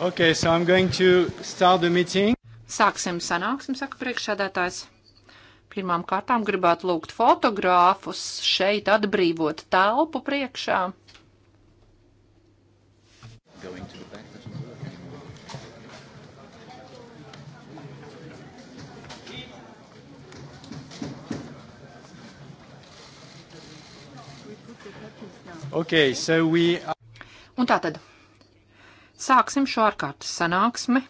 Okay, so I'm going to start the meeting. Sāksim sanāksim, saka priekšsēdētājs. Pirmām kārtām gribētu lūgt fotogrāfus šeit atbrīvot telpu priekšā. Okay, so we... Un tātad Sāksim šo ārkārtas sanāksmi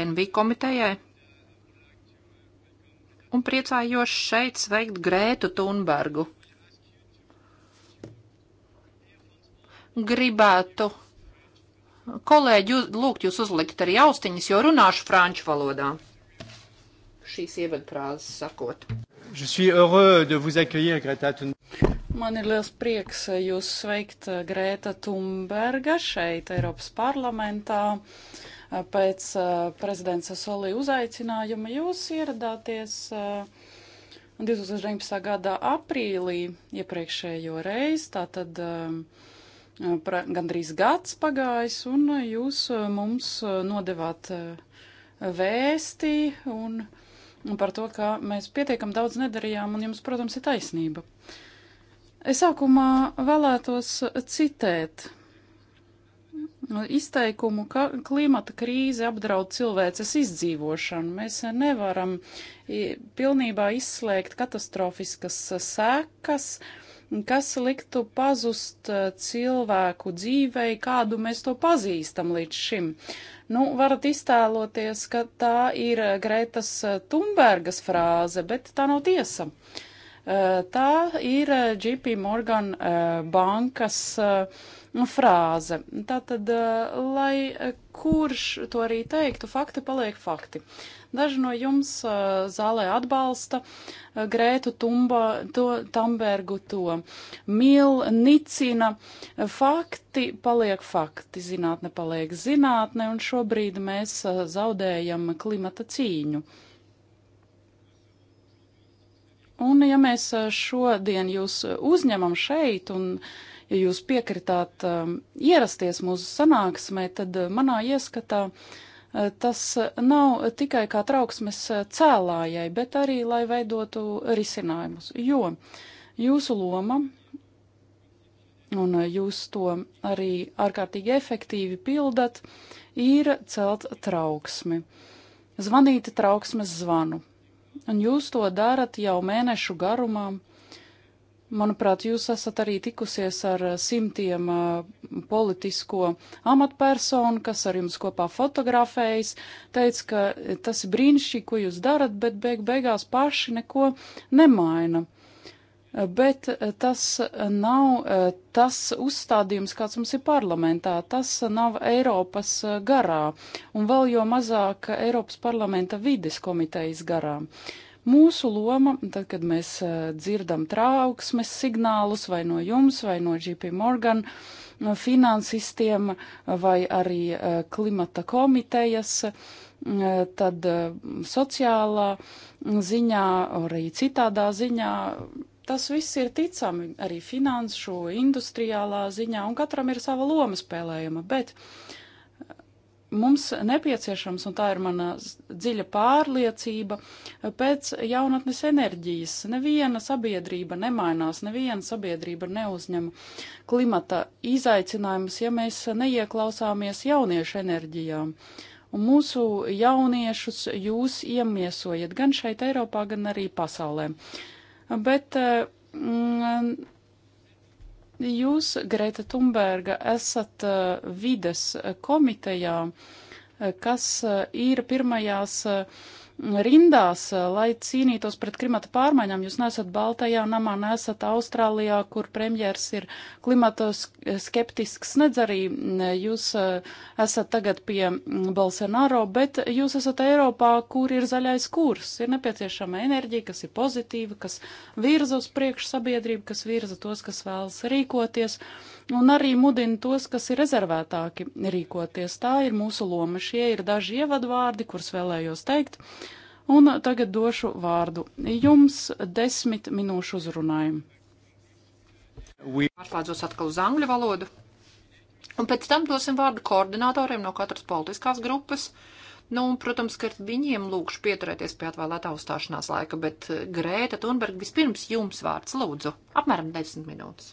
NV komitejai. Un priecājos šeit sveikt Grētu Tunbergu. Gribētu kolēģi lūgt jūs uzlikt arī austiņas, jo runāšu franču valodā. Šīs ievadprāzes sakot. Je suis heureux de vous accueillir, Greta Thunberg. Man ir liels prieks eh, jūs sveikt eh, Grēta Thunberga šeit, Eiropas parlamentā. Eh, pēc prezidents Solī uzaicinājuma jūs ieradāties 2019. gada aprīlī iepriekšējo reizi, tātad gandrīz gads pagājis, un jūs mums nodevāt vēstī un par to, ka mēs pietiekam daudz nedarījām, un jums, protams, ir taisnība. Uh, Es sākumā vēlētos citēt izteikumu, ka klimata krīze apdraud cilvēces izdzīvošanu. Mēs nevaram pilnībā izslēgt katastrofiskas sekas, kas liktu pazust e, cilvēku dzīvei, kādu mēs to pazīstam līdz šim. Nu, varat iztēloties, ka tā ir Gretas Tumbergas frāze, bet tā nav tiesa. Uh, Eh, tā ir eh, JP Morgan eh, bankas frāze. Tātad, lai kurš to arī teiktu, fakti paliek fakti. Daži no jums zālē atbalsta Grētu Tumba, to, Tambergu, to mil, nicina. Fakti paliek fakti, zinātne paliek zinātne, un šobrīd mēs zaudējam klimata cīņu. Un ja mēs eh, šodien jūs eh, uzņemam šeit un ja jūs piekritāt um, ierasties mūsu sanāksmē, tad manā ieskatā tas nav tikai kā trauksmes cēlājai, bet arī, lai veidotu risinājumus, jo jūsu loma un jūs to arī ārkārtīgi efektīvi pildat, ir celt trauksmi. Zvanīt trauksmes zvanu, un jūs to darat jau mēnešu garumā. Manuprāt, jūs esat arī tikusies ar simtiem politisko amatpersonu, kas ar jums kopā fotografējas, teica, ka tas ir brīnišķīgi, ko jūs darat, bet beig beigās paši neko nemaina. Uh, Bet eh, tas eh, nav eh, tas uzstādījums, kāds mums ir parlamentā. Tas nav Eiropas garā un vēl jo mazāk Eiropas parlamenta vides komitejas garā. Mūsu loma, tad, kad mēs dzirdam trauksmes signālus vai no jums, vai no JP Morgan, finansistiem vai arī klimata komitejas, tad sociālā ziņā, arī citādā ziņā tas viss ir ticami arī finanšu, industriālā ziņā, un katram ir sava loma spēlējama, bet eh, mums nepieciešams, un tā ir mana dziļa pārliecība, pēc jaunatnes enerģijas. Neviena sabiedrība nemainās, neviena sabiedrība neuzņem klimata izaicinājumus, ja mēs neieklausāmies jauniešu enerģijām. Un mūsu jauniešus jūs iemiesojat gan šeit Eiropā, gan arī pasaulē. Uh, Bet eh, mm, jūs, Greta Thunberga, esat eh, vides komitejā, eh, kas ir pirmajās uh, rindās, eh, lai cīnītos pret klimata pārmaiņām. Jūs nesat Baltajā namā, nesat Austrālijā, kur premjers ir klimata skeptisks, nedz arī mm, jūs eh, esat tagad pie mm, Bolsonaro, bet jūs esat Eiropā, kur ir zaļais kurs. Ir nepieciešama enerģija, kas ir pozitīva, kas virza uz priekšu sabiedrību, kas virza tos, kas vēlas rīkoties un arī mudina tos, kas ir rezervētāki rīkoties. Tā ir mūsu loma. Šie ir daži ievadvārdi, kurus vēlējos teikt. Un tagad došu vārdu jums desmit minūšu uzrunājumu. Pārslēdzos atkal uz angļu valodu. Un pēc tam dosim vārdu koordinatoriem no katras politiskās grupas. Nu, un, protams, ka viņiem lūkšu pieturēties pie atvēlētā uzstāšanās laika, bet eh, Grēta Thunberg vispirms jums vārds lūdzu. Apmēram 10 minūtes.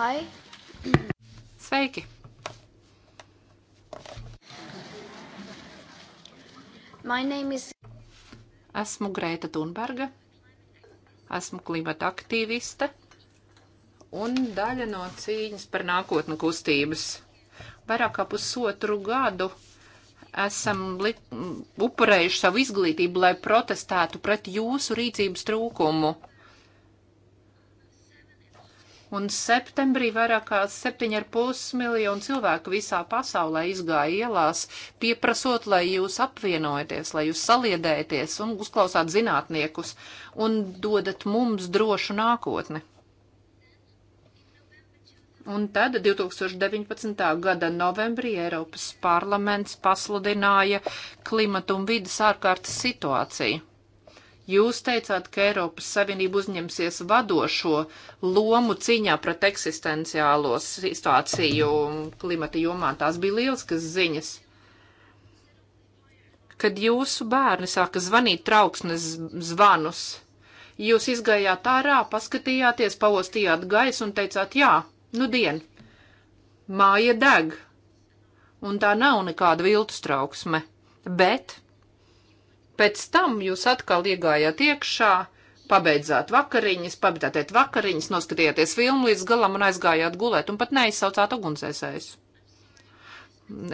Hi! Sveiki! My name is... Esmu Grēta Thunberga, esmu klimata aktīviste un daļa no cīņas par nākotnu kustības. Vairāk kā pusotru gadu esam li... upurējuši savu izglītību, lai protestētu pret jūsu rīcības trūkumu un septembrī vairāk kā 7,5 miljonu cilvēku visā pasaulē izgāja ielās, pieprasot, lai jūs apvienojaties, lai jūs saliedēties un uzklausāt zinātniekus un dodat mums drošu nākotni. Un tad 2019. gada novembrī Eiropas parlaments pasludināja klimatu un vidas ārkārtas situāciju Jūs teicāt, ka Eiropas Savienība uzņemsies vadošo lomu cīņā pret eksistenciālo situāciju klimata jomā. Tās bija lieliskas ziņas. Kad jūsu bērni sāka zvanīt trauksmes zvanus, jūs izgājāt ārā, paskatījāties, paostījāt gaisu un teicāt, jā, nu dien, māja deg, un tā nav nekāda viltus trauksme, bet Pēc tam jūs atkal iegājāt iekšā, pabeidzāt vakariņas, pabeidzāt vakariņas, noskatījāties filmu līdz galam un aizgājāt gulēt un pat neizsaucāt ugunsēsējus.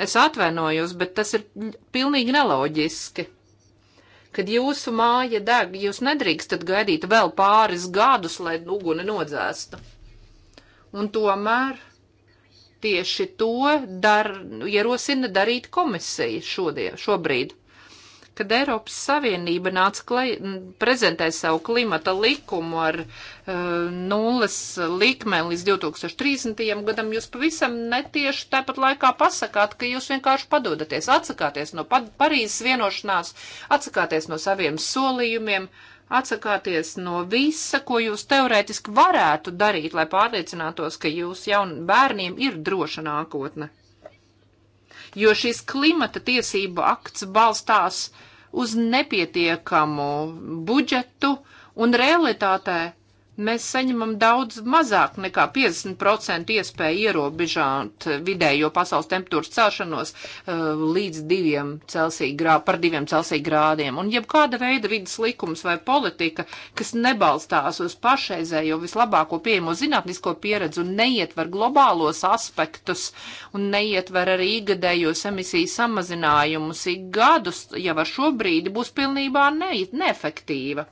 Es atvainojos, bet tas ir pilnīgi neloģiski. Kad jūsu māja deg, jūs nedrīkstat gaidīt vēl pāris gadus, lai uguni nodzēsta. Un tomēr tieši to dar, ierosina darīt komisija šodien, šobrīd kad Eiropas Savienība nāca klai, prezentē savu klimata likumu ar uh, nulles likmeni līdz 2030. gadam, jūs pavisam netieši tāpat laikā pasakāt, ka jūs vienkārši padodaties, atsakāties no Parīzes vienošanās, atsakāties no saviem solījumiem. Atsakāties no visa, ko jūs teorētiski varētu darīt, lai pārliecinātos, ka jūs jaun bērniem ir droša nākotne jo šis klimata tiesību akts balstās uz nepietiekamu budžetu un realitātē mēs saņemam daudz mazāk nekā 50% iespēju ierobežot vidējo pasaules temperatūras celšanos uh, līdz 2 Celsija grā, par 2 Celsija grādiem. Un jebkāda veida vidas likums vai politika, kas nebalstās uz pašreizējo vislabāko pieejamo zinātnisko pieredzi un neietver globālos aspektus un neietver arī igadējos emisiju samazinājumus ik gadus, jau ar šo brīdi būs pilnībā ne, neefektīva.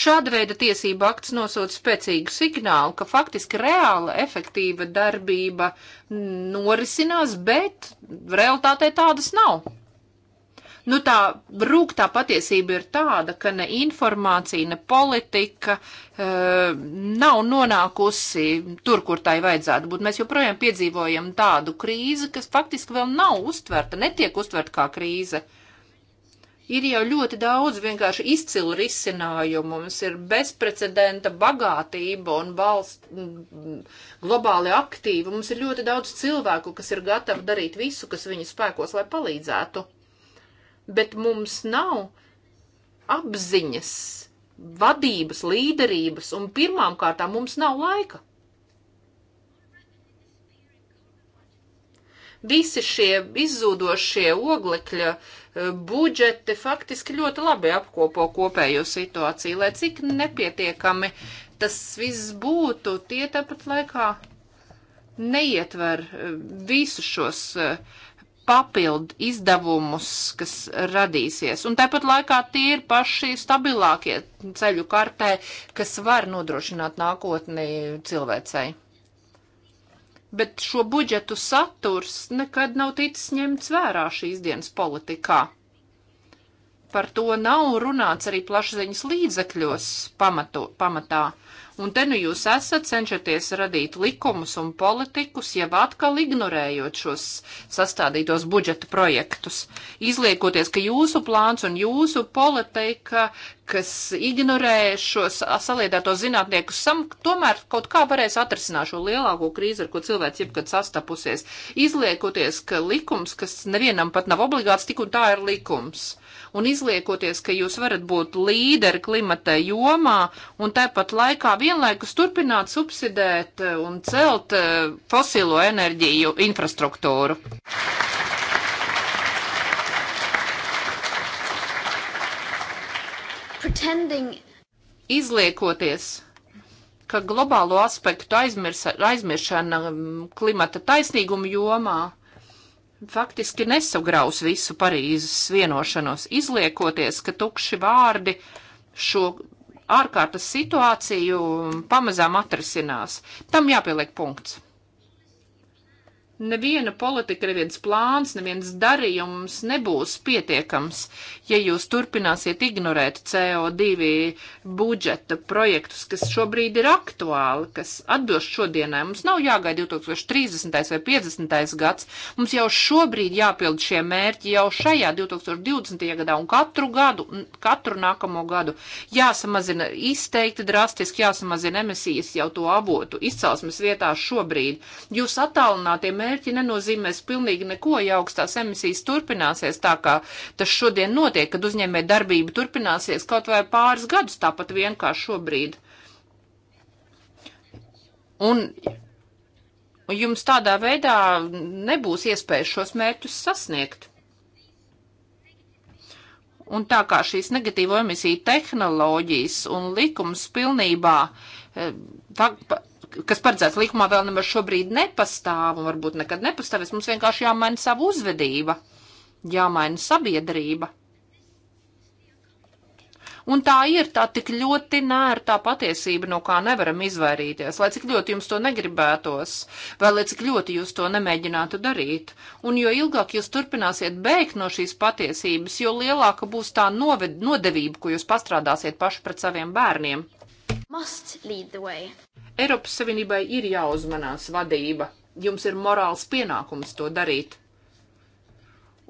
Šāda veida tiesība akts nosūta spēcīgu signālu, ka faktiski reāla efektīva darbība norisinās, bet realitātē tādas nav nu, tā rūkta patiesība ir tāda, ka ne informācija, ne politika e, nav nonākusi tur, kur tai vajadzētu būt. Mēs joprojām piedzīvojam tādu krīzi, kas faktiski vēl nav uztverta, netiek uztverta kā krīze. E, Ir jau ļoti daudz vienkārši izcilu risinājumu. Mums ir bezprecedenta bagātība un valsts mm, globāli aktīva. Mums ir ļoti daudz cilvēku, kas ir gatavi darīt visu, kas viņu spēkos, lai palīdzētu. Bet mums nav apziņas, vadības, līderības un pirmām kārtām mums nav laika. Visi šie izzūdošie oglekļa e, budžeti faktiski ļoti labi apkopo kopējo situāciju, lai cik nepietiekami tas viss būtu, tie tāpat laikā neietver e, visus šos e, papildu izdevumus, kas radīsies. Un tāpat laikā tie ir paši stabilākie ceļu kartē, kas var nodrošināt nākotni cilvēcei bet šo budžetu saturs nekad nav ticis ņemts vērā šīs dienas politikā. Par to nav runāts arī plašsaziņas līdzekļos pamato, pamatā. Un te nu jūs esat cenšaties radīt likumus un politikus, jau atkal ignorējot šos sastādītos budžeta projektus, izliekoties, ka jūsu plāns un jūsu politika, kas ignorē šos saliedētos zinātniekus, sam, tomēr kaut kā varēs atrisināt šo lielāko krīzi, ar ko cilvēks jebkad sastapusies, izliekoties, ka likums, kas nevienam pat nav obligāts, tik un tā ir likums un izliekoties, ka jūs varat būt līderi klimata jomā un tāpat laikā vienlaikus turpināt subsidēt eh, un celt eh, fosilo enerģiju infrastruktūru. Pretending. Izliekoties, ka globālo aspektu aizmirsa, aizmiršana mm, klimata taisnīguma jomā faktiski nesagraus visu Parīzes vienošanos, izliekoties, ka tukši vārdi šo ārkārtas situāciju pamazām atrasinās. Tam jāpieliek punkts. Neviena politika, neviens plāns, neviens darījums nebūs pietiekams, ja jūs turpināsiet ignorēt CO2 budžeta projektus, kas šobrīd ir aktuāli, kas atbilst šodienai. Mums nav jāgaida 2030. vai 50. gads, mums jau šobrīd jāpild šie mērķi jau šajā 2020. gadā un katru gadu, katru nākamo gadu jāsamazina izteikti drastiski, jāsamazina emisijas jau to avotu izcelsmes vietā šobrīd. Jūs attālinātie mērķi mērķi nenozīmēs pilnīgi neko, ja augstās emisijas turpināsies tā, kā tas šodien notiek, kad uzņēmē darbība turpināsies kaut vai pāris gadus tāpat vienkārši šobrīd. Un jums tādā veidā nebūs iespējas šos mērķus sasniegt. Un tā kā šīs negatīvo emisiju tehnoloģijas un likums pilnībā tā, eh, kas paredzēts likumā, vēl nemaz šobrīd nepastāv un varbūt nekad nepastāvēs. Mums vienkārši jāmaina savu uzvedība, jāmaina sabiedrība. Un tā ir tā tik ļoti nērtā patiesība, no kā nevaram izvairīties, lai cik ļoti jums to negribētos, vai lai cik ļoti jūs to nemēģinātu darīt. Un jo ilgāk jūs turpināsiet bēgt no šīs patiesības, jo lielāka būs tā noved, nodevība, ko jūs pastrādāsiet paši pret saviem bērniem. Eiropas Savienībai ir jāuzmanās vadība. Jums ir morāls pienākums to darīt.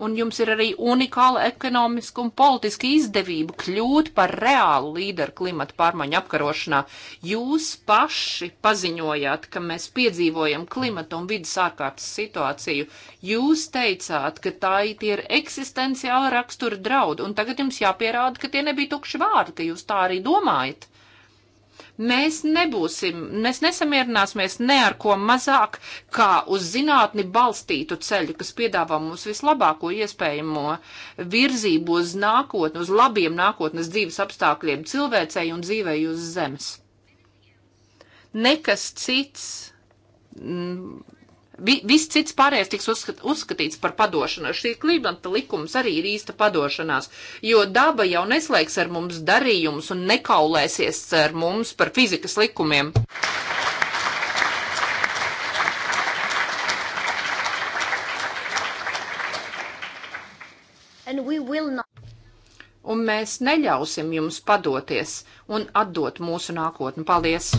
Un jums ir arī unikāla ekonomiska un politiska izdevība kļūt par reālu līderu klimata pārmaiņu apkarošanā. Jūs paši paziņojāt, ka mēs piedzīvojam klimata un vidas ārkārtas situāciju. Jūs teicāt, ka tā ir eksistenciāla rakstura draudi, un tagad jums jāpierāda, ka tie nebija tukši vārdi, ka jūs tā arī domājat. Mēs nebūsim, mēs nesamierināsimies ne ar ko mazāk, kā uz zinātni balstītu ceļu, kas piedāvā mums vislabāko iespējamo virzību uz nākotni, uz labiem nākotnes dzīves apstākļiem cilvēcei un dzīvei uz zemes. Nekas cits. Mm, vi, viss cits pārējais tiks uzskat, uzskatīts par padošanos. Šī klīmata likums arī ir īsta padošanās, jo daba jau neslēgs ar mums darījumus un nekaulēsies ar mums par fizikas likumiem. Un mēs neļausim jums padoties un atdot mūsu nākotni. Paldies!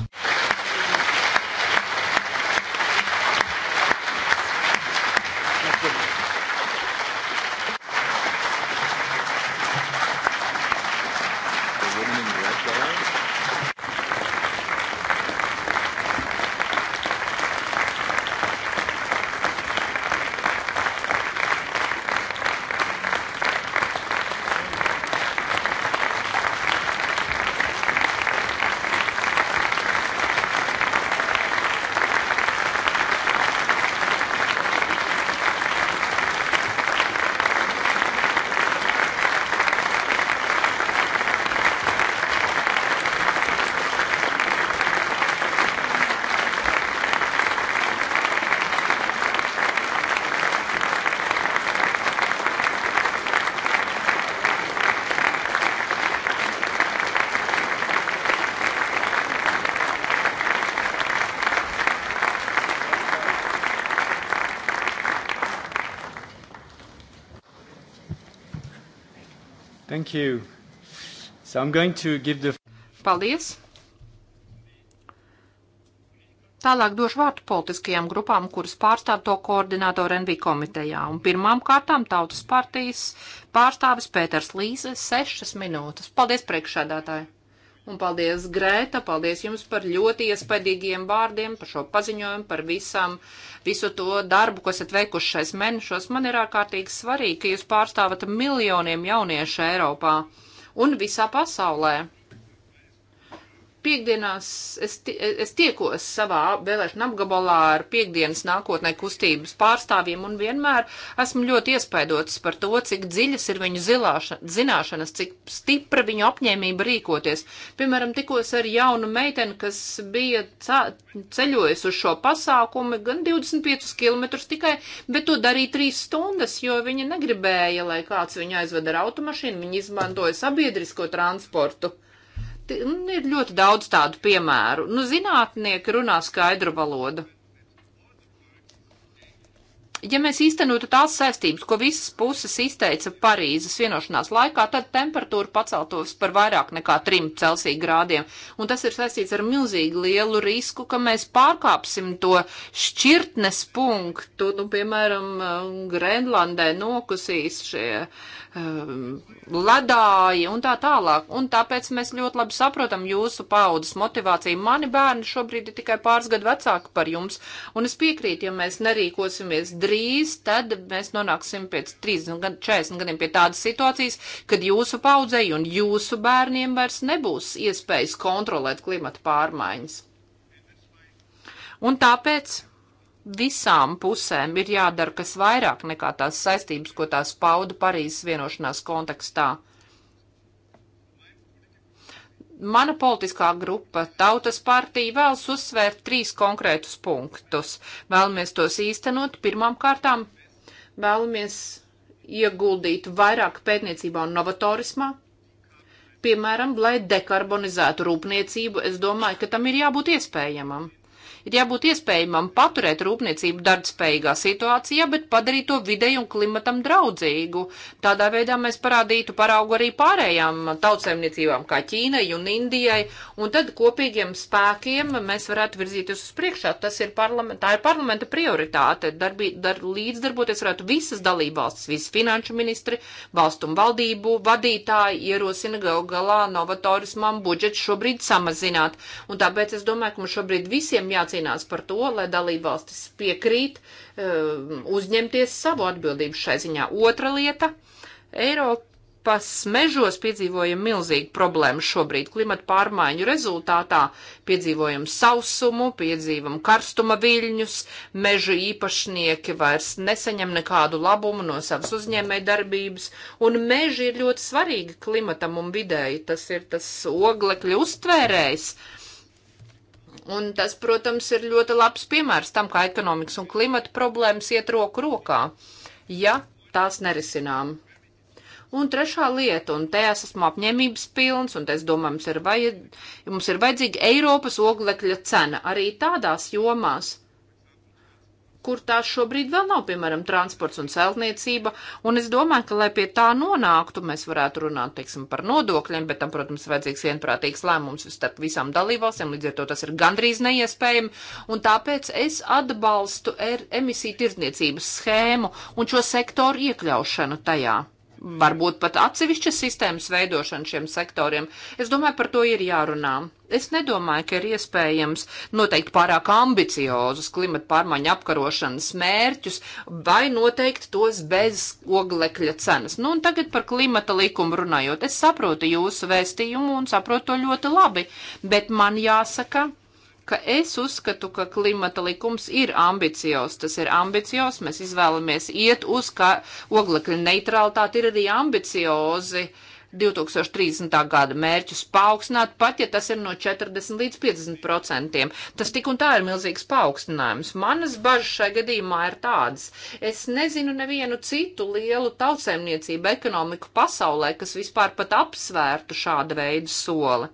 Thank you. So I'm going to give the... Paldies. Tālāk došu vārdu politiskajām grupām, kuras pārstāv to koordinātoru NV komitejā. Un pirmām kārtām tautas partijas pārstāvis Pēters Līze, sešas minūtes. Paldies priekšādātāji! Un paldies, Grēta, paldies jums par ļoti iespaidīgiem vārdiem, par šo paziņojumu, par visam, visu to darbu, ko esat veikuši šais mēnešos. Man ir ārkārtīgi svarīgi, ka jūs pārstāvat miljoniem jauniešu Eiropā un visā pasaulē. Piekdienās es, es tiekos savā vēlēšana apgabalā ar piekdienas nākotnē kustības pārstāvjiem un vienmēr esmu ļoti iespaidots par to, cik dziļas ir viņu zilāša, zināšanas, cik stipra viņu apņēmība rīkoties. Piemēram, tikos ar jaunu meiteni, kas bija ceļojusi uz šo pasākumu gan 25 km tikai, bet to darīja 3 stundas, jo viņa negribēja, lai kāds viņu aizved ar automašīnu, viņa izmantoja sabiedrisko transportu. Un nu, ir ļoti daudz tādu piemēru. Nu, zinātnieki runā skaidru valodu. Ja mēs īstenotu tās saistības, ko visas puses izteica Parīzes vienošanās laikā, tad temperatūra paceltos par vairāk nekā 3 Celsija grādiem. Un tas ir saistīts ar milzīgi lielu risku, ka mēs pārkāpsim to šķirtnes punktu, nu, piemēram, Grenlandē nokusīs šie uh, Um, ledāji un tā tālāk. Un tāpēc mēs ļoti labi saprotam jūsu paudas motivāciju. Mani bērni šobrīd ir tikai pāris gadu vecāki par jums, un es piekrītu, ja mēs nerīkosimies drīz, tad mēs nonāksim pēc 30, gadu, 40 gadiem pie tādas situācijas, kad jūsu paudzei un jūsu bērniem vairs nebūs iespējas kontrolēt klimata pārmaiņas. Un tāpēc visām pusēm ir jādara kas vairāk nekā tās saistības, ko tās pauda Parīzes vienošanās kontekstā. Mana politiskā grupa, Tautas partija, vēlas uzsvērt trīs konkrētus punktus. Vēlamies tos īstenot. Pirmām kārtām vēlamies ieguldīt vairāk pētniecībā un novatorismā. Piemēram, lai dekarbonizētu rūpniecību, es domāju, ka tam ir jābūt iespējamam Ir jābūt iespējamam paturēt rūpniecību darbspējīgā situācijā, bet padarīt to videi un klimatam draudzīgu. Tādā veidā mēs parādītu paraugu arī pārējām tautsēmniecībām, kā Ķīnai un Indijai, un tad kopīgiem spēkiem mēs varētu virzīties uz priekšā. Tas ir parlamenta, tā ir parlamenta prioritāte. Darbi, dar, līdzdarboties varētu visas dalībvalstis, visi finanšu ministri, valstu un valdību vadītāji ierosina gal galā novatorismam budžetu šobrīd samazināt. Un tāpēc es domāju, ka mums šobrīd visiem jāatcerās jācīnās par to, lai dalībvalstis piekrīt um, uzņemties savu atbildību šai ziņā. Otra lieta - Eiropas mežos piedzīvojam milzīgu problēmu šobrīd. Klimata pārmaiņu rezultātā piedzīvojam sausumu, piedzīvojam karstuma viļņus, meža īpašnieki vairs nesaņem nekādu labumu no savas uzņēmēja darbības, un meži ir ļoti svarīgi klimatam un vidēji. Tas ir tas oglekļa uztvērējs. Uh, Un tas, protams, ir ļoti labs piemērs tam, kā ekonomikas un klimata problēmas iet roku rokā, ja tās nerisinām. Un trešā lieta, un te es esmu apņēmības pilns, un es domāju, mums ir, vajad, mums ir vajadzīga Eiropas oglekļa cena arī tādās jomās, kur tās šobrīd vēl nav, piemēram, transports un celtniecība, un es domāju, ka, lai pie tā nonāktu, mēs varētu runāt, teiksim, par nodokļiem, bet tam, protams, vajadzīgs vienprātīgs lēmums starp visām dalībvalstīm, līdz ar to tas ir gandrīz neiespējami, un tāpēc es atbalstu er- emisiju tirdzniecības schēmu un šo sektoru iekļaušanu tajā varbūt pat atsevišķas sistēmas veidošana šiem sektoriem. Es domāju, par to ir jārunā. Es nedomāju, ka ir iespējams noteikt pārāk ambiciozus klimata pārmaiņu apkarošanas mērķus vai noteikt tos bez oglekļa cenas. Nu, un tagad par klimata likumu runājot. Es saprotu jūsu vēstījumu un saprotu to ļoti labi, bet man jāsaka, ka es uzskatu, ka klimata likums ir ambiciozs. Tas ir ambiciozs, mēs izvēlamies iet uz, ka oglekļa neutralitāte ir arī ambiciozi. 2030. gada mērķus paaugstināt, pat ja tas ir no 40 līdz 50 procentiem. Tas tik un tā ir milzīgs paaugstinājums. Manas bažas šai gadījumā ir tādas. Es nezinu nevienu citu lielu tautsēmniecību ekonomiku pasaulē, kas vispār pat apsvērtu šādu veidu soli.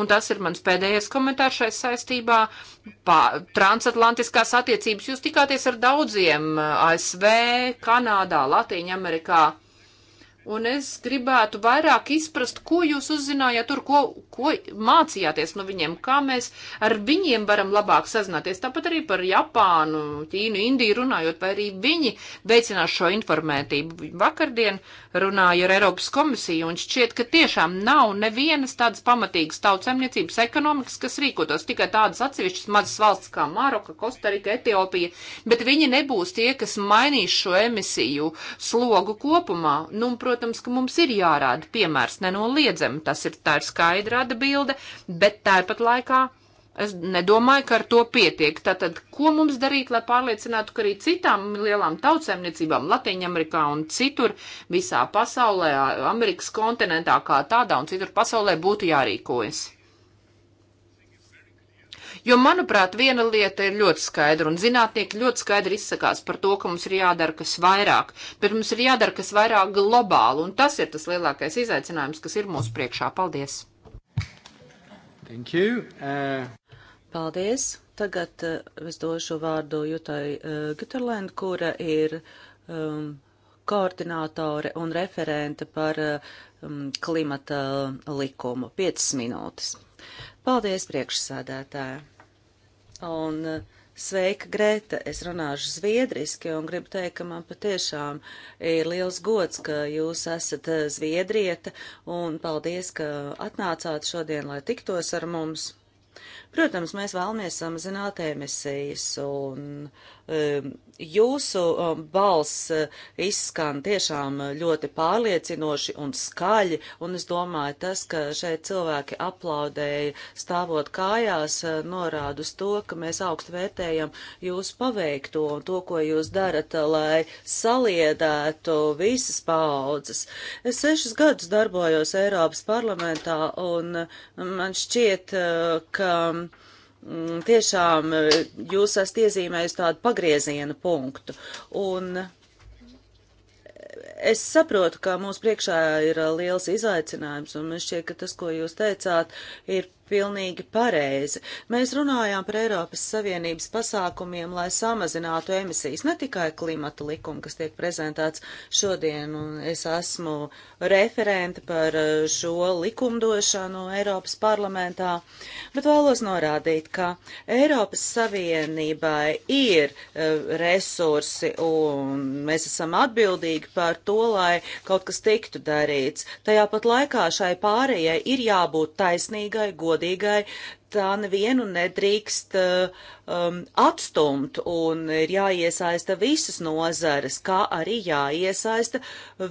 Un tas ir mans pēdējais komentārs šai saistībā. Pā, transatlantiskās attiecības jūs tikāties ar daudziem eh, ASV, Kanādā, Latīņa Amerikā. Un es gribētu vairāk izprast, ko jūs uzzinājāt tur, ko, ko mācījāties no viņiem, kā mēs ar viņiem varam labāk sazināties. Tāpat arī par Japānu, Ķīnu, Indiju runājot, vai arī viņi veicinās šo informētību. Vakardien runāju ar Eiropas komisiju un šķiet, ka tiešām nav nevienas tādas pamatīgas tautsemniecības ekonomikas, kas rīkotos tikai tādas atsevišķas mazas valsts kā Maroka, Kostarika, Etiopija, bet viņi nebūs tie, kas mainīs šo emisiju slogu kopumā. Nu, un, protams, ka mums ir jārāda piemērs nenoliedzami. Tas ir tā ir skaidra atbilde, bet tāpat laikā es nedomāju, ka ar to pietiek. Tātad, ko mums darīt, lai pārliecinātu, ka arī citām lielām tautsēmniecībām, Latvijā un citur visā pasaulē, Amerikas kontinentā kā tādā un citur pasaulē būtu jārīkojas? Jo, manuprāt, viena lieta ir ļoti skaidra, un zinātnieki ļoti skaidri izsakās par to, ka mums ir jādara kas vairāk, bet mums ir jādara kas vairāk globāli, un tas ir tas lielākais izaicinājums, kas ir mūsu priekšā. Paldies! Thank you. Uh... Paldies! Tagad uh, es došu vārdu Jutai uh, Gitterlēnd, kura ir um, koordinātore un referente par uh, um, klimata likumu. 5 minūtes. Paldies, priekšsādātāja! Un uh, sveika, Greta! Es runāšu zviedriski un gribu teikt, ka man patiešām ir liels gods, ka jūs esat uh, zviedrieta un paldies, ka atnācāt šodien, lai tiktos ar mums. Protams, mēs vēlamies samazināt emisijas, un um, jūsu um, balss uh, izskan tiešām ļoti pārliecinoši un skaļi, un es domāju, tas, ka šeit cilvēki aplaudēja stāvot kājās, uh, norāda uz to, ka mēs augstu vērtējam jūsu paveikto un to, ko jūs darat, uh, lai saliedētu visas paaudzes. Es sešas gadus darbojos Eiropas parlamentā, un uh, man šķiet, uh, ka ka mm, tiešām eh, jūs esat iezīmējis tādu pagrieziena punktu. Un es saprotu, ka mums priekšā ir liels izaicinājums, un man šķiet, ka tas, ko jūs teicāt, ir pilnīgi pareizi. Mēs runājām par Eiropas Savienības pasākumiem, lai samazinātu emisijas, ne tikai klimata likumu, kas tiek prezentēts šodien, un es esmu referente par eh, šo likumdošanu Eiropas parlamentā, bet vēlos norādīt, ka Eiropas Savienībai ir eh, resursi, un mēs esam atbildīgi par to, lai kaut kas tiktu darīts. Tajā pat laikā šai pārējai ir jābūt taisnīgai, godīgai, godīgai, tā nevienu nedrīkst eh, um, atstumt un ir jāiesaista visas nozares, kā arī jāiesaista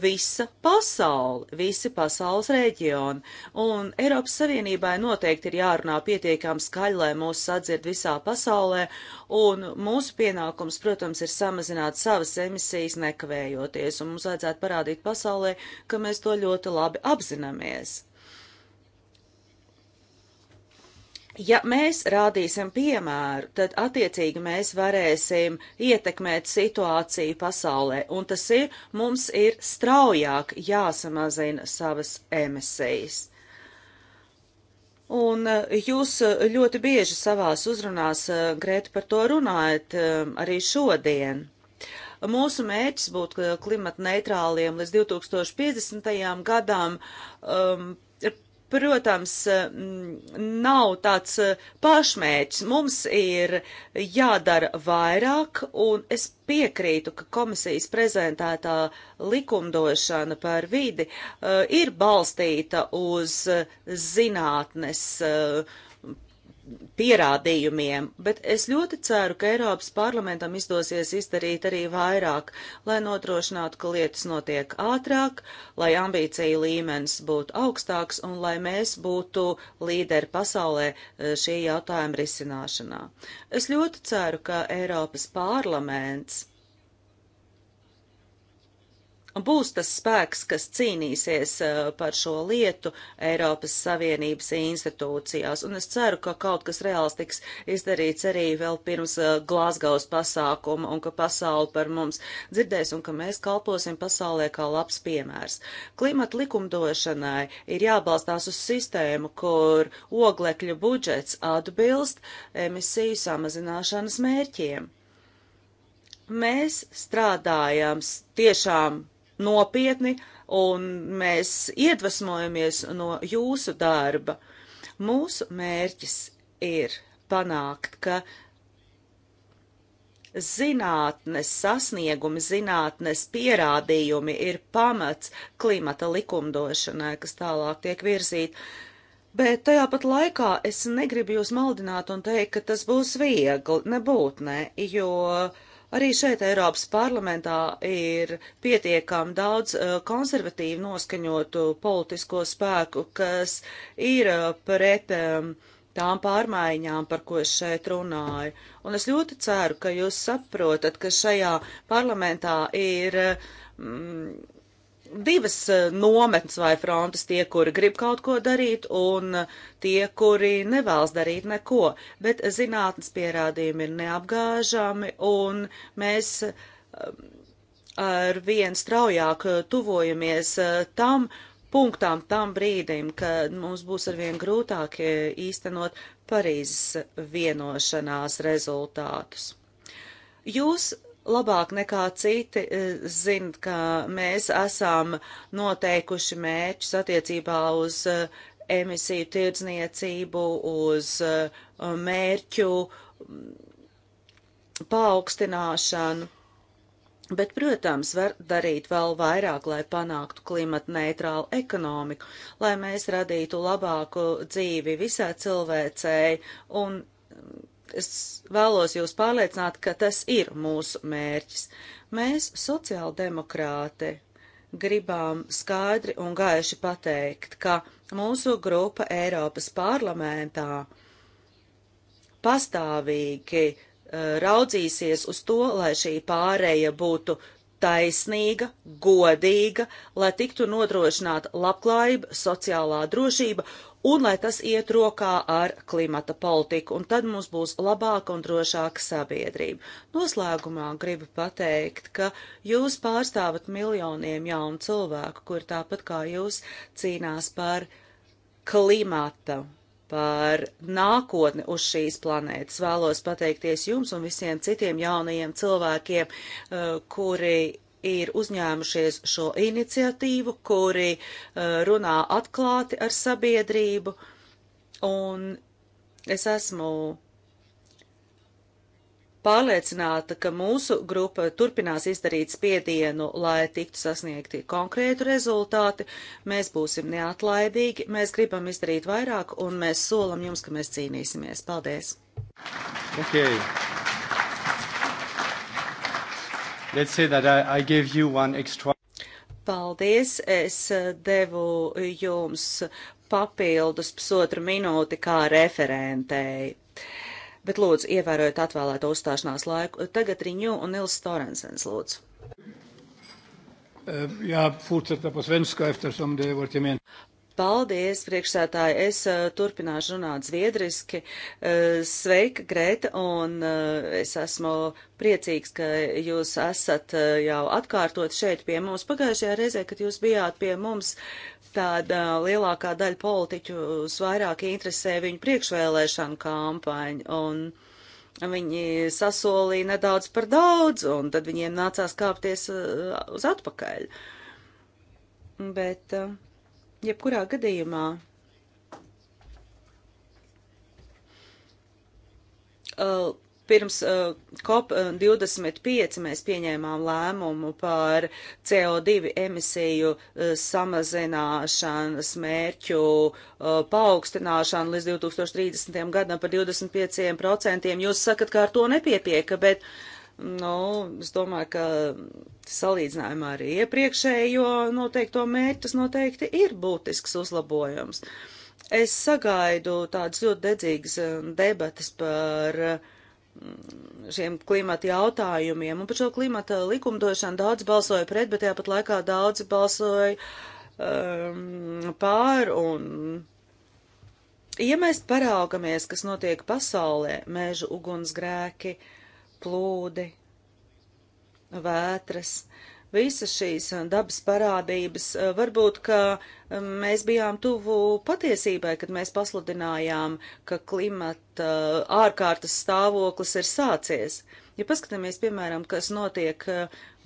visa pasaule, visi pasaules reģioni. Un Eiropas Savienībai noteikti ir jārunā pietiekām skaļi, lai mūs sadzird visā pasaulē, un mūsu pienākums, protams, ir samazināt savas emisijas nekavējoties, un mums vajadzētu parādīt pasaulē, ka mēs to ļoti labi apzināmies. Ja mēs rādīsim piemēru, tad attiecīgi mēs varēsim ietekmēt situāciju pasaulē, un tas ir, mums ir straujāk jāsamazina savas emisijas. Un eh, jūs eh, ļoti bieži savās uzrunās, eh, Grēta, par to runājat arī šodien. Mūsu mērķis būtu klimata neitrāliem līdz 2050. gadam. Um, protams, mm, nav tāds eh, pašmērķis. Mums ir jādara vairāk, un es piekrītu, ka komisijas prezentētā likumdošana par vidi eh, ir balstīta uz eh, zinātnes uh, pierādījumiem, bet es ļoti ceru, ka Eiropas parlamentam izdosies izdarīt arī vairāk, lai notrošinātu, ka lietas notiek ātrāk, lai ambīcija līmenis būtu augstāks un lai mēs būtu līderi pasaulē e, šī jautājuma risināšanā. Es ļoti ceru, ka Eiropas parlaments būs tas spēks, kas cīnīsies uh, par šo lietu Eiropas Savienības institūcijās. Un es ceru, ka kaut kas reāls tiks izdarīts arī vēl pirms uh, Glāzgaus pasākuma un ka pasauli par mums dzirdēs un ka mēs kalposim pasaulē kā labs piemērs. Klimata likumdošanai ir jābalstās uz sistēmu, kur oglekļu budžets atbilst emisiju samazināšanas mērķiem. Mēs strādājam tiešām nopietni, un mēs iedvesmojamies no jūsu darba. Mūsu mērķis ir panākt, ka zinātnes sasniegumi, zinātnes pierādījumi ir pamats klimata likumdošanai, kas tālāk tiek virzīt. Bet tajā pat laikā es negribu jūs maldināt un teikt, ka tas būs viegli, nebūt, ne, jo uh, Arī šeit Eiropas parlamentā ir pietiekami daudz eh, konservatīvi noskaņotu politisko spēku, kas ir eh, pret ehm, tām pārmaiņām, par ko es šeit runāju. Un es ļoti ceru, ka jūs saprotat, ka šajā parlamentā ir. Mm, divas eh, nometnes vai frontes - tie, kuri grib kaut ko darīt, un eh, tie, kuri nevēlas darīt neko. Bet zinātnes pierādījumi ir neapgāžami, un mēs eh, ar vien straujāk tuvojamies tam punktām, tam brīdim, kad mums būs ar vien grūtāk īstenot Parīzes vienošanās rezultātus. Jūs labāk nekā citi e, zina, ka mēs esam noteikuši mērķus attiecībā uz e, emisiju tirdzniecību, uz e, mērķu mm, paaugstināšanu. Bet, protams, var darīt vēl vairāk, lai panāktu klimata neitrālu ekonomiku, lai mēs radītu labāku dzīvi visai cilvēcēji un mm, es vēlos jūs pārliecināt, ka tas ir mūsu mērķis. Mēs, sociāldemokrāti, gribām skaidri un gaiši pateikt, ka mūsu grupa Eiropas parlamentā pastāvīgi uh, raudzīsies uz to, lai šī pāreja būtu taisnīga, godīga, lai tiktu nodrošināta labklājība, sociālā drošība un lai tas iet rokā ar klimata politiku, un tad mums būs labāka un drošāka sabiedrība. Noslēgumā gribu pateikt, ka jūs pārstāvat miljoniem jaunu cilvēku, kur tāpat kā jūs cīnās par klimata par nākotni uz šīs planētas. Vēlos pateikties jums un visiem citiem jaunajiem cilvēkiem, uh, kuri ir uzņēmušies šo iniciatīvu, kuri uh, runā atklāti ar sabiedrību. Un es esmu pārliecināta, ka mūsu grupa turpinās izdarīt spiedienu, lai tiktu sasniegti konkrētu rezultāti. Mēs būsim neatlaidīgi, mēs gribam izdarīt vairāk un mēs solam jums, ka mēs cīnīsimies. Paldies! Okay. Let's say that I, I gave you one extra. Paldies! Es eh, devu jums papildus pusotru minūti kā referentei bet lūdzu ievērojiet atvēlēto uzstāšanās laiku. Tagad Riņu un Nils Torensens lūdzu. Eh, jā, fortsätta på svenska eftersom det är vårt gemensamma. Paldies, priekšsētāji. Es uh, turpināšu runāt zviedriski. Uh, eh, sveika, Greta, un uh, es esmu priecīgs, ka jūs esat uh, jau atkārtot šeit pie mums. Pagājušajā reizē, kad jūs bijāt pie mums, uh, tad lielākā daļa politiķus vairāk interesē viņu priekšvēlēšanu kampaņu, un viņi sasolīja nedaudz par daudz, un tad viņiem nācās kāpties uz atpakaļ. Bet, jebkurā gadījumā, uh, Pirms uh, COP25 uh, mēs pieņēmām lēmumu par CO2 emisiju uh, samazināšanas mērķu uh, paaugstināšanu līdz 2030. gadam par 25%. Jūs sakat, ka ar to nepiepieka, bet nu, es domāju, ka salīdzinājumā ar iepriekšējo noteikto mērķi tas noteikti ir būtisks uzlabojums. Es sagaidu tādas ļoti dedzīgas uh, debatas par uh, šiem klimata jautājumiem. Un par šo klimata likumdošanu daudz balsoja pret, bet tāpat laikā daudz balsoja um, pār. Un, ja mēs paraugamies, kas notiek pasaulē, meža ugunsgrēki, plūdi, vētras, uh, visas šīs uh, dabas parādības. Uh, varbūt, ka um, mēs bijām tuvu patiesībai, kad mēs pasludinājām, ka klimata uh, ārkārtas stāvoklis ir sācies. Ja paskatāmies, piemēram, kas notiek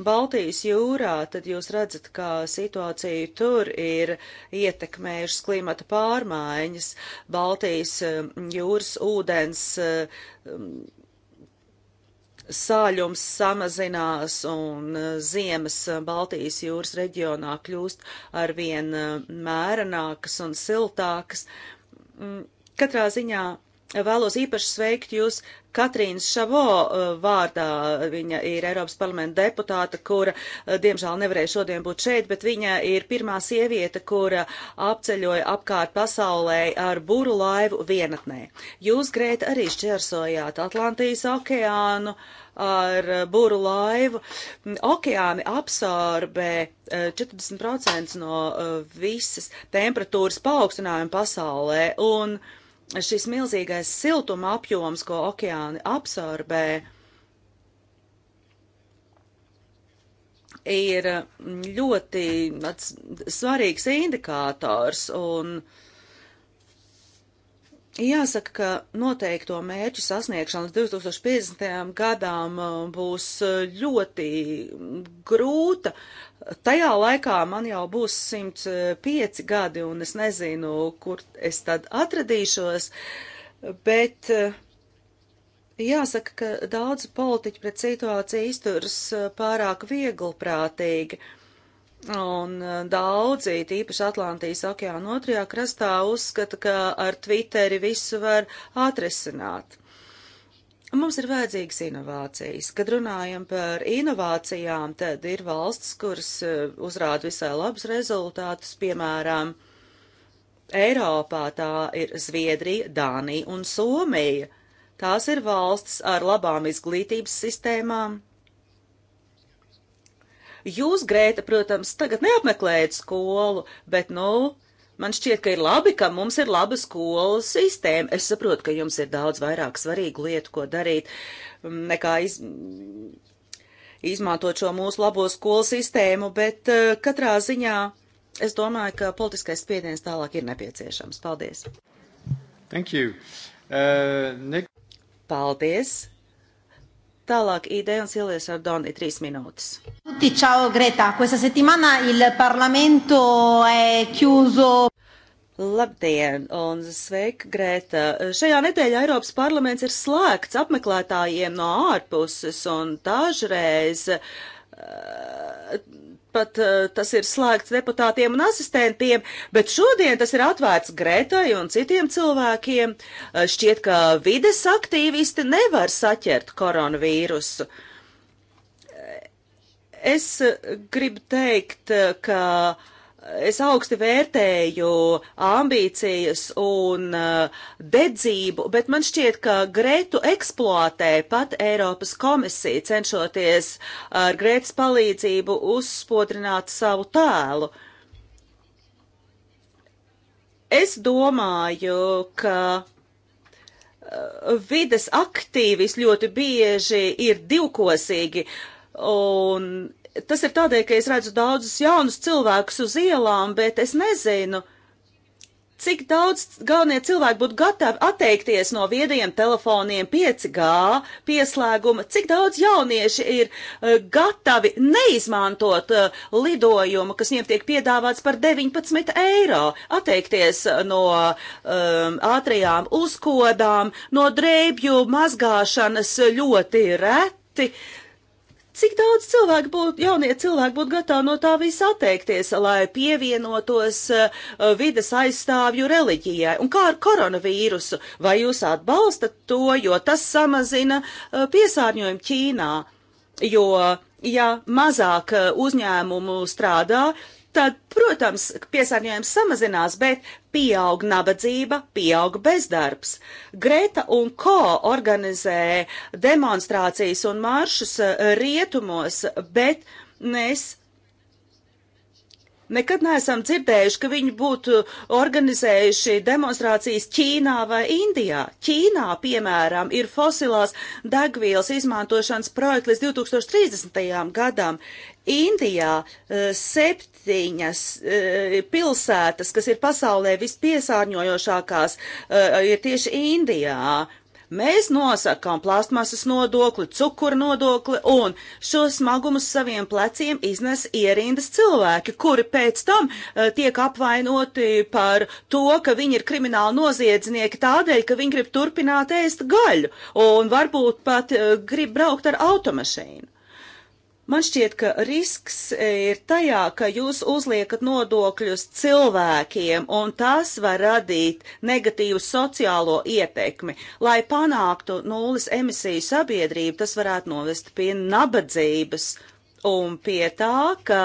Baltijas jūrā, tad jūs redzat, kā situācija tur ir ietekmējušas klimata pārmaiņas. Baltijas um, jūras ūdens um, sāļums samazinās un eh, ziemas eh, Baltijas jūras reģionā kļūst arvien eh, mērenākas un siltākas. Mm, katrā ziņā Vēlos īpaši sveikt jūs Katrīnas Šavo eh, vārdā. Viņa ir Eiropas parlamenta deputāta, kura, eh, diemžēl, nevarēja šodien būt šeit, bet viņa ir pirmā sieviete, kura apceļoja apkārt pasaulē ar būru laivu vienatnē. Jūs, Grēta, arī šķērsojāt Atlantijas okeānu ar eh, būru laivu. Okeāni absorbē 40% no visas temperatūras paaugstinājuma pasaulē. Un, uh, šis milzīgais siltuma apjoms, ko okeāni absorbē, ir ļoti svarīgs indikātors un uh, Jāsaka, ka noteikto mērķu sasniegšana līdz 2050. gadām uh, būs uh, ļoti grūta. Tajā laikā man jau būs 105 gadi, un es nezinu, kur es tad atradīšos, bet uh, jāsaka, ka daudz politiķi pret situāciju izturas pārāk vieglprātīgi. prātīgi Un e, daudzi, tīpaši Atlantijas okeāna otrajā krastā, uzskata, ka ar Twitteri visu var atrisināt. Mums ir vajadzīgas inovācijas. Kad runājam par inovācijām, tad ir valsts, kuras e, uzrāda visai labus rezultātus, piemēram, Eiropā tā ir Zviedrija, Dānija un Somija. Tās ir valstis ar labām izglītības sistēmām, Jūs, Grēta, protams, tagad neapmeklējat skolu, bet, nu, Man šķiet, ka ir labi, ka mums ir laba skolu sistēma. Es saprotu, ka jums ir daudz vairāk svarīgu lietu, ko darīt, mm, nekā iz, izmantot šo mūsu labo skolu sistēmu, bet uh, katrā ziņā es domāju, ka politiskais spiediens tālāk ir nepieciešams. Paldies! Thank you! Uh, Nick... Paldies! Tālāk ideja un Silvijas Ardoni, trīs minūtes. Tutti, ciao Greta, questa settimana il Parlamento è chiuso. Labdien un sveika, Grēta! Šajā nedēļā Eiropas parlaments ir slēgts apmeklētājiem no ārpuses un dažreiz uh, pat uh, tas ir slēgts deputātiem un asistentiem, bet šodien tas ir atvērts Gretai un citiem cilvēkiem. Uh, šķiet, ka vides aktīvisti nevar saķert koronavīrusu. Eh, es gribu teikt, ka uh, es augsti vērtēju ambīcijas un eh, dedzību, bet man šķiet, ka Grētu eksploatē pat Eiropas komisija, cenšoties eh, ar Grētas palīdzību uzspodrināt savu tēlu. Es domāju, ka eh, vides aktīvis ļoti bieži ir divkosīgi, un tas ir tādēļ, ka es redzu daudzus jaunus cilvēkus uz ielām, bet es nezinu, cik daudz galvenie cilvēki būtu gatavi atteikties no viediem telefoniem 5G pieslēguma, cik daudz jaunieši ir uh, gatavi neizmantot uh, lidojumu, kas viņiem tiek piedāvāts par 19 eiro, atteikties eh, no um, ehm, ātrajām uzkodām, no drēbju mazgāšanas ļoti reti. Uh, Cik daudz cilvēku būtu, jaunie cilvēki būtu gatavi no tā visa atteikties, lai pievienotos uh, vides aizstāvju reliģijai? Un kā ar koronavīrusu? Vai jūs atbalstat to, jo tas samazina uh, piesārņojumu Ķīnā? Jo, ja mazāk eh, uzņēmumu strādā, tad, protams, piesārņojums samazinās, bet pieaug nabadzība, pieaug bezdarbs. Greta un Ko organizē demonstrācijas un maršus eh, rietumos, bet mēs Nekad neesam dzirdējuši, ka viņi būtu organizējuši demonstrācijas Ķīnā vai Indijā. Ķīnā, piemēram, ir fosilās degvielas izmantošanas projekts līdz 2030. gadam. Indijā eh, septiņas eh, pilsētas, kas ir pasaulē vispiesārņojošākās, eh, ir tieši Indijā. Mēs nosakām plastmasas nodokli, cukuru nodokli un šo smagumu saviem pleciem iznes ierindas cilvēki, kuri pēc tam uh, tiek apvainoti par to, ka viņi ir krimināli noziedznieki tādēļ, ka viņi grib turpināt ēst gaļu un varbūt pat uh, grib braukt ar automašīnu. Man šķiet, ka risks e, ir tajā, ka jūs uzliekat nodokļus cilvēkiem, un tas var radīt negatīvu sociālo ietekmi. Lai panāktu nulles emisiju sabiedrību, tas varētu novest pie nabadzības un pie tā, ka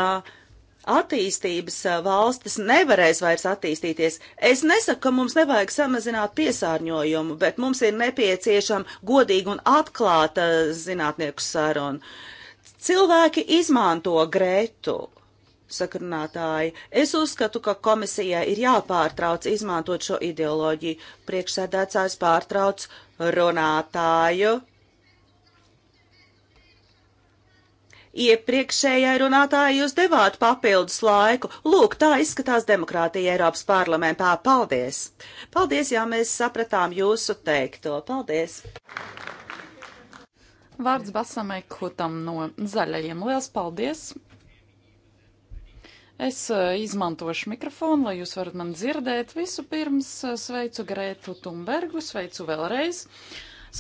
attīstības e, valstis nevarēs vairs attīstīties. Es nesaku, ka mums nevajag samazināt piesārņojumu, bet mums ir nepieciešama godīga un atklāta zinātnieku saruna. Cilvēki izmanto Grētu, sakrunātāji. Es uzskatu, ka komisijai ir jāpārtrauc izmantot šo ideoloģiju. Priekšsēdētājs pārtrauc runātāju. Iepriekšējai runātāji jūs devāt papildus laiku. Lūk, tā izskatās demokrātija Eiropas parlamentā. Paldies! Paldies, jā, mēs sapratām jūsu teikto. Paldies! Vārds Basam Ekhutam no Zaļajiem. Liels paldies! Es eh, izmantošu mikrofonu, lai jūs varat man dzirdēt. Visu pirms eh, sveicu Grētu Tumbergu, sveicu vēlreiz.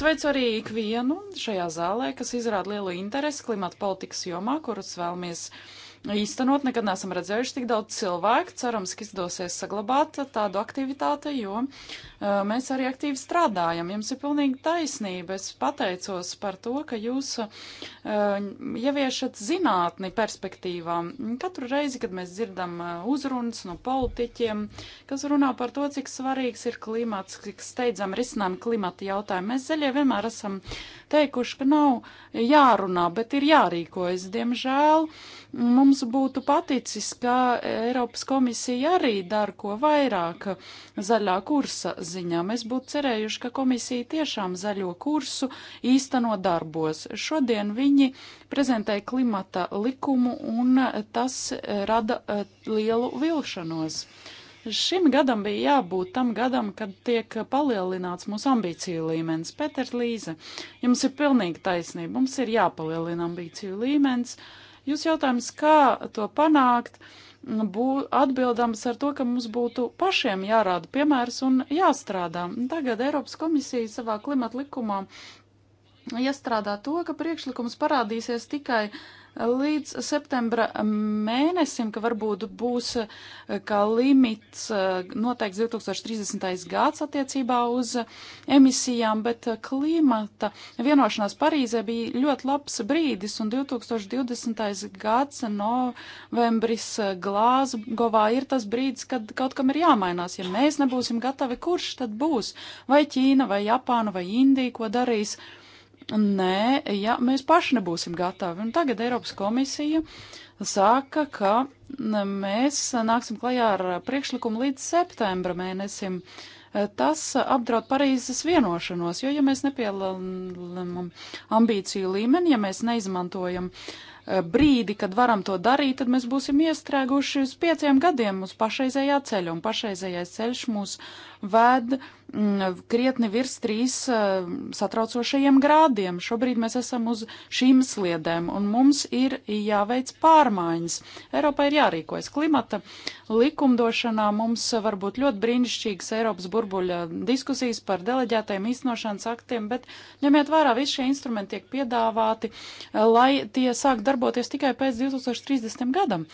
Sveicu arī ikvienu šajā zālē, kas izrāda lielu interesi klimata politikas jomā, kurus vēlamies uh, īstenot. Nekad neesam redzējuši tik daudz cilvēku. Cerams, ka izdosies saglabāt tādu aktivitāti, jo uh, mēs arī aktīvi strādājam. Jums ir pilnīgi taisnība. Es pateicos par to, ka jūs uh, ieviešat zinātni perspektīvām. Katru reizi, kad mēs dzirdam uh, uzrunas no politiķiem, kas runā par to, cik svarīgs ir klimats, cik steidzam risinām klimata jautājumu, mēs zaļie vienmēr esam teikuši, ka nav jārunā, bet ir jārīkojas. Diemžēl mums būtu paticis, ka Eiropas komisija arī dara ko vairāk zaļā kursa ziņā. Mēs būtu cerējuši, ka komisija tiešām zaļo kursu īsteno darbos. Šodien viņi prezentēja klimata likumu un tas rada eh, lielu vilšanos. Thank you Šim gadam bija jābūt tam gadam, kad tiek palielināts mūsu ambīciju līmenis. Pēters Līze, jums ir pilnīgi taisnība, mums ir jāpalielina ambīciju līmenis. Jūs jautājums, kā to panākt, bū, atbildams ar to, ka mums būtu pašiem jārāda piemērs un jāstrādā. Tagad Eiropas komisija savā klimata likumā iestrādā to, ka priekšlikums parādīsies tikai uh, līdz septembra mēnesim, ka varbūt būs eh, kā limits eh, noteikts 2030. gads attiecībā uz emisijām, bet eh, klimata vienošanās Parīzē bija ļoti labs brīdis, un 2020. gads novembris Glāzgovā ir tas brīdis, kad kaut kam ir jāmainās. Ja mēs nebūsim gatavi, kurš tad būs? Vai Ķīna, vai Japāna, vai Indija, ko darīs? Uh, Nē, ja mēs paši nebūsim gatavi. Un tagad Eiropas komisija saka, ka mēs nāksim klajā ar priekšlikumu līdz septembra mēnesim. Tas apdraud Parīzes vienošanos, jo ja mēs nepielamam ambīciju līmeni, ja mēs neizmantojam e, brīdi, kad varam to darīt, tad mēs būsim iestrēguši uz pieciem gadiem uz pašreizējā ceļa, un pašreizējais ceļš mūs ved uh, Mm, krietni virs trīs eh, satraucošajiem grādiem. Šobrīd mēs esam uz šīm sliedēm, un mums ir jāveic pārmaiņas. Eiropā ir jārīkojas klimata likumdošanā. Mums var būt ļoti brīnišķīgas Eiropas burbuļa diskusijas par deleģētajiem īstenošanas aktiem, bet ņemiet vērā, visi šie instrumenti tiek piedāvāti, eh, lai tie sāk darboties tikai pēc 2030. gadam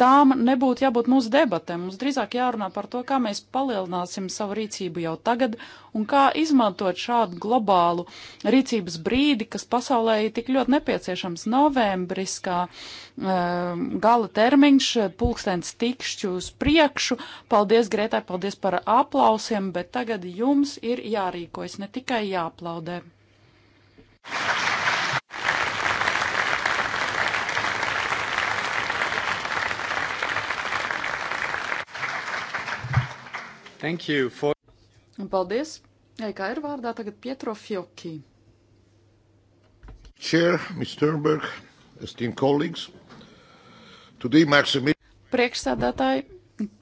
tām nebūtu jābūt mūsu debatēm. Mums drīzāk jārunā par to, kā mēs palielināsim savu rīcību jau tagad un kā izmantot šādu globālu rīcības brīdi, kas pasaulē ir tik ļoti nepieciešams. Novembris, kā um, gala termiņš, pulkstens tikšķi uz priekšu. Paldies, Grētai, paldies par aplausiem, bet tagad jums ir jārīkojas, ne tikai jāaplaudē. Thank you. Thank you for. Un paldies. Jā, e kā ir vārdā tagad Pietro Fjokī. Chair, Mr. Sternberg, esteemed colleagues. Today marks a Priekšsēdētāji,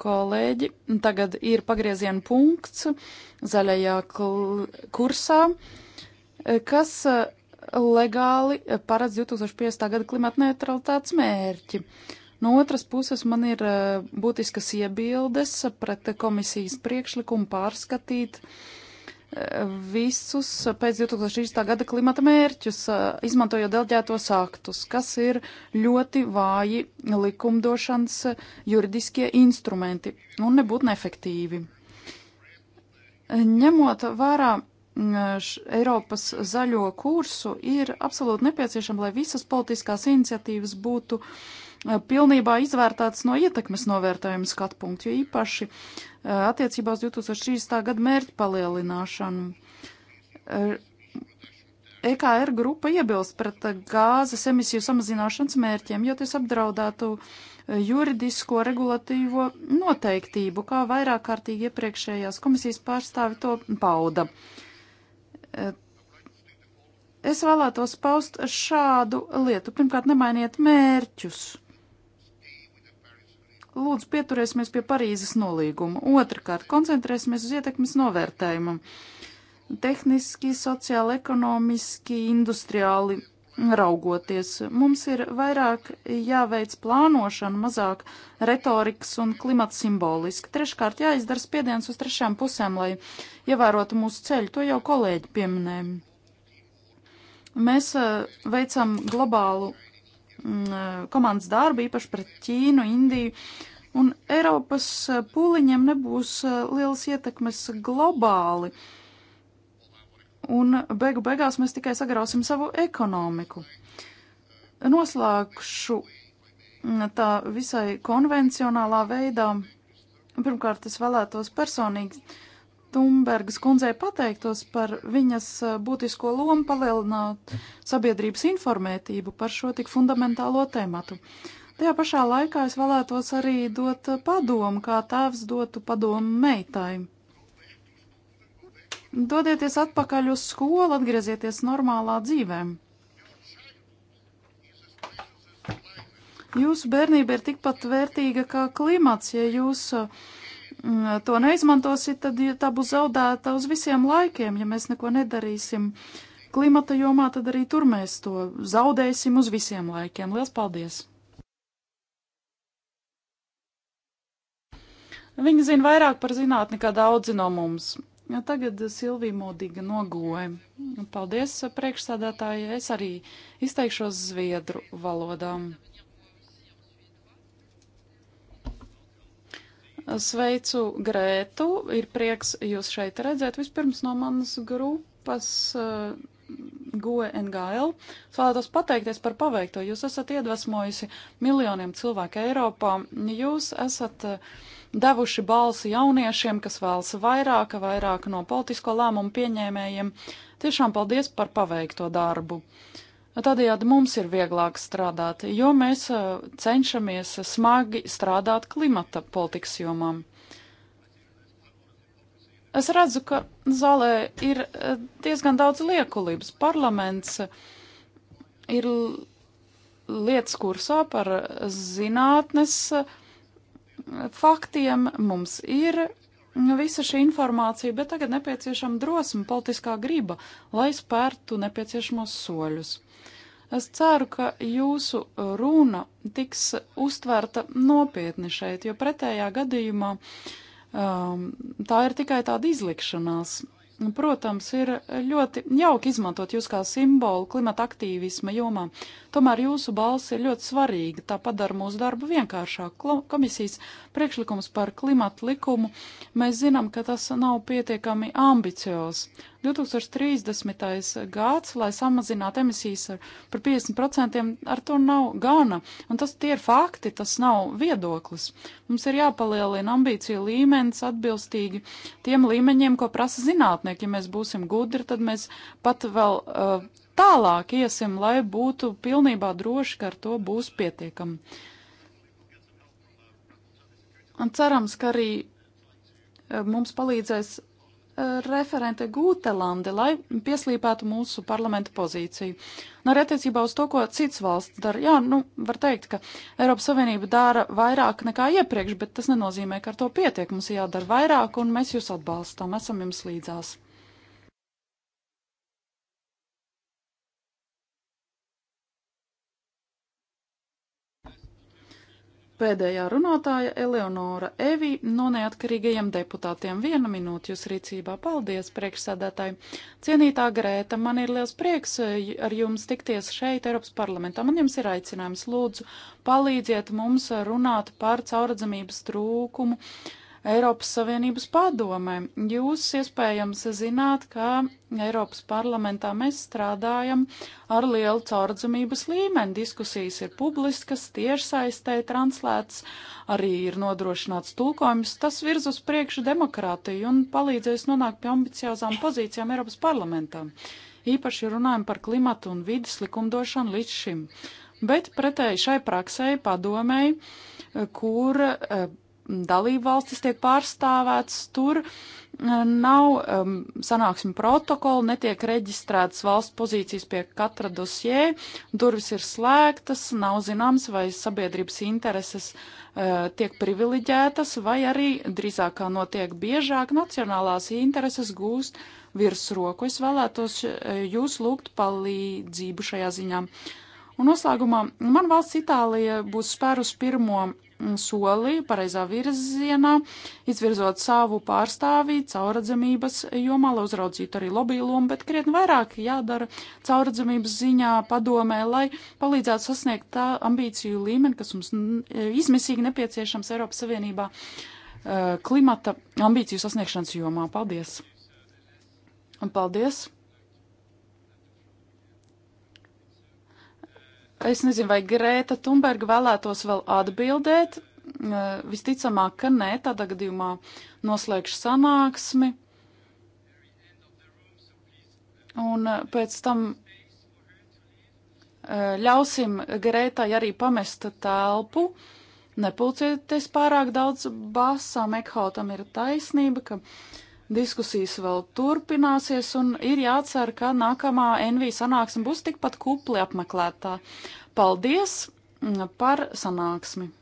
kolēģi, tagad ir pagrieziena punkts zaļajā kursā, kas e, legāli paredz 2050. gada klimata neutralitātes mērķi. Uh, No otras puses, man ir eh, būtiskas iebildes pret komisijas priekšlikumu pārskatīt eh, visus pēc 2030. gada klimata mērķus, eh, izmantojot delģētos aktus, kas ir ļoti vāji likumdošanas juridiskie instrumenti un nebūtu neefektīvi. Ņemot vērā mm, Eiropas zaļo kursu, ir absolūti nepieciešama, lai visas politiskās iniciatīvas būtu uh, Eh, pilnībā izvērtētas no ietekmes novērtējuma skatu punktu, jo īpaši eh, attiecībā uz 2030. gada mērķu palielināšanu. EKR eh, e grupa iebilst pret gāzes emisiju samazināšanas mērķiem, jo tas apdraudētu juridisko regulatīvo noteiktību, kā vairāk kārtīgi iepriekšējās komisijas pārstāvi to pauda. Es vēlētos paust šādu lietu. Pirmkārt, nemainiet mērķus lūdzu pieturēsimies pie Parīzes nolīguma. Otrakārt, koncentrēsimies uz ietekmes novērtējumu. Tehniski, sociāli, ekonomiski, industriāli raugoties. Mums ir vairāk jāveic plānošana, mazāk retorikas un klimata simboliski. Treškārt, jāizdara spiediens uz trešām pusēm, lai ievērotu mūsu ceļu. To jau kolēģi pieminēja. Mēs eh, veicam globālu Mm, eh, komandas darbu, īpaši pret Ķīnu, Indiju. Un Eiropas eh, pūliņiem nebūs eh, lielas ietekmes globāli. Un beigu beigās mēs tikai sagrausim savu ekonomiku. Noslēgšu mm, tā visai konvencionālā veidā. Pirmkārt, es vēlētos personīgi Tumbergas kundzei pateiktos par viņas eh, būtisko lomu palielināt sabiedrības informētību par šo tik fundamentālo tematu. Tajā pašā laikā es vēlētos arī dot padomu, kā tēvs dotu padomu meitai. Dodieties atpakaļ uz skolu, atgriezieties normālā dzīvēm. Jūsu bērnība ir tikpat vērtīga kā klimats, ja jūs uh, Mm, to neizmantosit, tad tā būs zaudēta uz visiem laikiem. Ja mēs neko nedarīsim klimata jomā, tad arī tur mēs to zaudēsim uz visiem laikiem. Lielas paldies! Viņi zina vairāk par zinātni kā daudzi no mums. Ja tagad Silvija Modiga nogoja. Paldies, priekšsādātāji, es arī izteikšos zviedru valodām. Sveicu Grētu, ir prieks jūs šeit redzēt. Vispirms no manas grupas uh, eh, GoNGL. Es vēlētos pateikties par paveikto. Jūs esat iedvesmojusi miljoniem cilvēku Eiropā. Jūs esat uh, devuši balsi jauniešiem, kas vēlas vairāk, vairāk no politisko lēmumu pieņēmējiem. Tiešām paldies par paveikto darbu. Uh, Nu, tādējādi mums ir vieglāk strādāt, jo mēs cenšamies smagi strādāt klimata politikas jomām. Es redzu, ka zālē ir diezgan daudz liekulības. Parlaments ir lietas kursā par zinātnes faktiem. Mums ir visa šī informācija, bet tagad nepieciešama drosme, politiskā griba, lai spērtu nepieciešamos soļus. Es ceru, ka jūsu runa tiks uztverta nopietni šeit, jo pretējā gadījumā um, tā ir tikai tāda izlikšanās protams, ir ļoti jauki izmantot jūs kā simbolu klimata aktīvisma jomā. Tomēr jūsu balss ir ļoti svarīga, tā padara mūsu darbu vienkāršāk. Komisijas priekšlikums par klimatu likumu, mēs zinām, ka tas nav pietiekami ambiciozs. 2030. gads, lai samazinātu emisijas ar, par 50%, ar to nav gana. Un tas tie ir fakti, tas nav viedoklis. Mums ir jāpalielina ambīciju līmenis atbilstīgi tiem līmeņiem, ko prasa zinātnieki. Ja mēs būsim gudri, tad mēs pat vēl uh, tālāk iesim, lai būtu pilnībā droši, ka ar to būs pietiekami. Un cerams, ka arī uh, mums palīdzēs referente Gūtelande, lai pieslīpētu mūsu parlamenta pozīciju. Nu, arī attiecībā uz to, ko cits valsts dara. Jā, nu, var teikt, ka Eiropas Savienība dara vairāk nekā iepriekš, bet tas nenozīmē, ka ar to pietiek. Mums jādara vairāk, un mēs jūs atbalstām, esam jums līdzās. Pēdējā runātāja Eleonora Evi no neatkarīgajiem deputātiem. Viena minūte jūs rīcībā. Paldies, priekšsēdētāji. Cienītā Grēta, man ir liels prieks eh, ar jums tikties šeit, Eiropas parlamentā. Man jums ir aicinājums. Lūdzu, palīdziet mums runāt par cauradzamības trūkumu. Uh, Eiropas Savienības padomē. Jūs iespējams zināt, ka Eiropas parlamentā mēs strādājam ar lielu caurdzamības līmeni. Diskusijas ir publiskas, tiešsaistē translēts, arī ir nodrošināts tulkojums. Tas virz uz priekšu demokrātiju un palīdzēs nonākt pie ambiciozām pozīcijām Eiropas parlamentā. Īpaši runājam par klimatu un vidas likumdošanu līdz šim. Bet pretēji šai praksē padomēji, kur eh, dalību valstis tiek pārstāvēts, tur eh, nav um, sanāksmi protokoli, netiek reģistrētas valsts pozīcijas pie katra dosjē, durvis ir slēgtas, nav zināms, vai sabiedrības intereses uh, tiek privileģētas, vai arī drīzāk kā notiek biežāk, nacionālās intereses gūst virsroku. Es vēlētos eh, jūs lūgt palīdzību šajā ziņā. Un noslēgumā man valsts Itālija būs spērus pirmo soli pareizā virzienā, izvirzot savu pārstāvī cauradzamības jomā, lai uzraudzītu arī lobby lomu, bet krietni vairāk jādara cauradzamības ziņā padomē, lai palīdzētu sasniegt tā ambīciju līmeni, kas mums izmisīgi nepieciešams Eiropas Savienībā eh, klimata ambīciju sasniegšanas jomā. Paldies! Un paldies! Es nezinu, vai Grēta Thunberga vēlētos vēl atbildēt. Eh, visticamāk, ka nē, tādā gadījumā noslēgšu sanāksmi. Un eh, pēc tam eh, ļausim Grētai arī pamest telpu. Nepulcieties pārāk daudz basām, Ekhautam ir taisnība, ka Diskusijas vēl turpināsies, un ir jācer, ka nākamā NV sanāksme būs tikpat kupli apmeklētā. Paldies par sanāksmi!